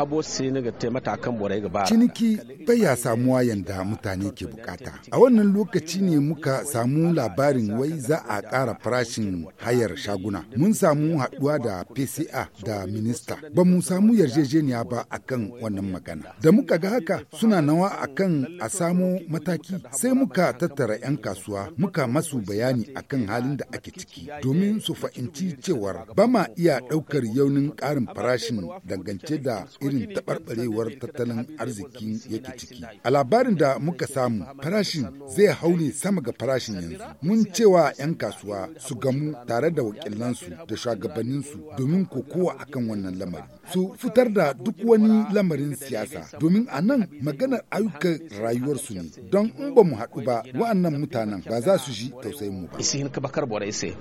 habo sai ga taimata gaba ciniki bai ya samuwa yanda mutane ke bukata a wannan lokaci ne muka samu labarin wai za a ƙara farashin hayar shaguna mun samu haɗuwa da PCA da minista ba mu samu yarjejeniya ba akan wannan magana da muka ga haka suna nawa akan a samu mataki sai muka tattara 'yan kasuwa muka masu bayani akan halin da ake ciki domin su fahimci cewar ba ma iya ɗaukar yaunin ƙarin farashin dangance da irin irin taɓarɓarewar tattalin arzikin yake ciki. A labarin da muka samu farashin zai hau ne sama ga farashin yanzu. Mun cewa 'yan kasuwa su gamu tare da wakilansu da shugabanninsu domin kokowa akan wannan lamari. Su fitar da duk wani lamarin siyasa domin a nan maganar ayyukan rayuwarsu ne don in ba mu haɗu ba wa'annan mutanen ba za su ji tausayin mu ba.